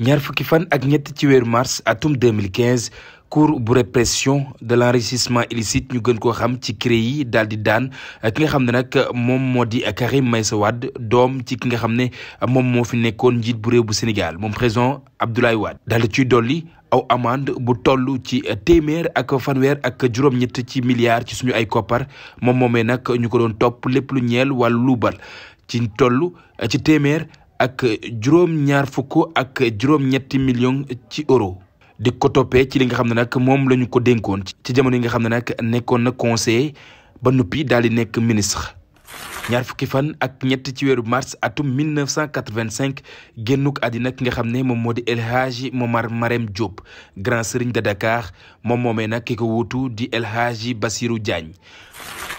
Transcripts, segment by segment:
ñaar fukki fan ak ñett ci weeru mars atum 2015 cour bu répression de l'enrichissement illicite ñu gën koo xam ci CREI yi daal di daan ki nga xam ne nag moom moo di Karim Meïssa Wade doom ci ki nga xam ne moom moo fi nekkoon njiit bu réew bu Sénégal moom président Abdoulaye Wade daal di ciy dolli aw amande bu tollu ci téeméer ak fanweer ak juróom-ñett ci milliards ci suñu ay koppar moom moomee nag ñu ko doon topp lépp lu ñeel wàllu luubal ci tollu ci téeméer ak juróom ñaar fukk ak juróom ñetti millions ci euro di ko toppee ci li nga xam ne nag moom la ñu ko dénkoon ci jamono yi nga xam ne nag nekkoon na conseiller ba noppi daal di nekk ministre ñaar fukki fan ak ñett ci weeru mars atum 1985 génnuk àddina ki nga xam ne moom moo di El Hadji Momar Marème Diop grand sëriñ de Dakar moom moomee nag ki ko wuutu di El Hadji Bassirou Diagne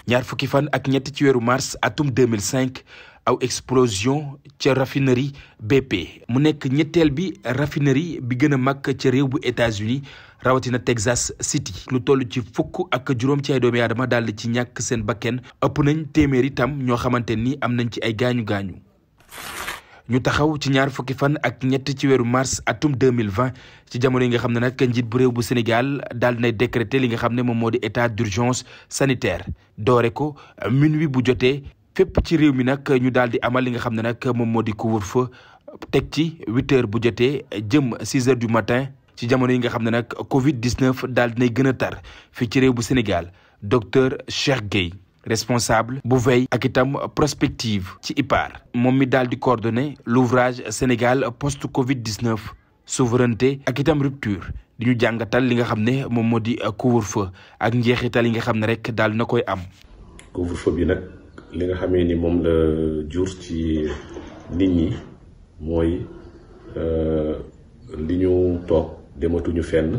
ñaar fukki fan ak ñett ci weeru mars atum 2005 aw explosion ca raffinerie bépp mu nekk ñetteel bi raffinerie bi gën a mag ca réew bu États-Unis rawatina Texas City lu toll ci fukk ak juróom ci ay doomi aadama daal ci ñàkk seen bakken ëpp nañ téeméeri tam ñoo xamante ni am nañ ci ay gaañu gaañu. ñu taxaw ci ñaar fukki fan ak ñett ci weeru mars atum 2020 ci jamono yi nga xam ne nag njiit bu réew bu Sénégal daal nay décrété li nga xam ne moom moo di état d'urgence sanitaire doore ko minuit bu jotee fépp ci réew mi nag ñu daal amal li nga xam ne nag moom moo di couvre-feu teg ci huit heures bu jotee jëm six heures du matin ci jamono yi nga xam ne nag Covid 19 daal dinay gën a tar fii ci réew bu Sénégal docteur Cheikh Gueye responsable bu veille ak itam prospective ci IPAR moom mi daal di coordonner l'ouvrage Sénégal post Covid 19 souveraineté ak itam rupture di ñu jàngatal li nga xam ne moom moo di couvre-feu ak njeexital yi nga xam ne rek daal na koy am. couvre li nga xamee ni moom la jur ci nit ñi mooy euh, li ñu toog dematuñu fenn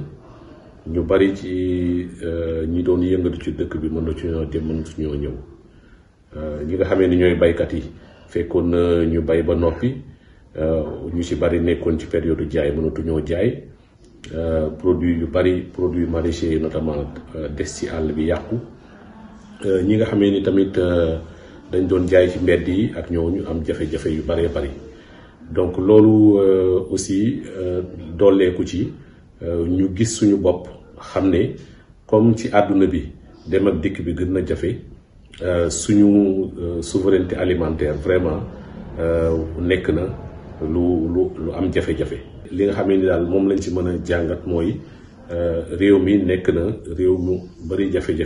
ñu bari ci euh, ñi doon yëngatu ci dëkk bi mënatuñoo dem mënatuñoo ñëw euh, ñi nga xamee ni ñooy baykat yi fekkoon na ñu bay ba noppi ñu si bari nekkoon ci période jaay mënatuñoo jaay produit yu bari produit maraîcher yi notamment des ci àll bi yàqu ñi nga xamee ni tamit dañ doon jaay ci mbedd yi ak ñoo ñu am jafe-jafe yu bëree bëri donc loolu euh, aussi euh, dolleeku ci euh, ñu gis suñu bopp xam ne comme ci àdduna bi dem ak dikk bi gën na jafe suñu souveraineté alimentaire vraiment nekk na lu lu lu am jafe-jafe. li nga xam ni daal moom lañ ci mën a jàngat mooy réew mi nekk na réew mu bari jafe-jafe.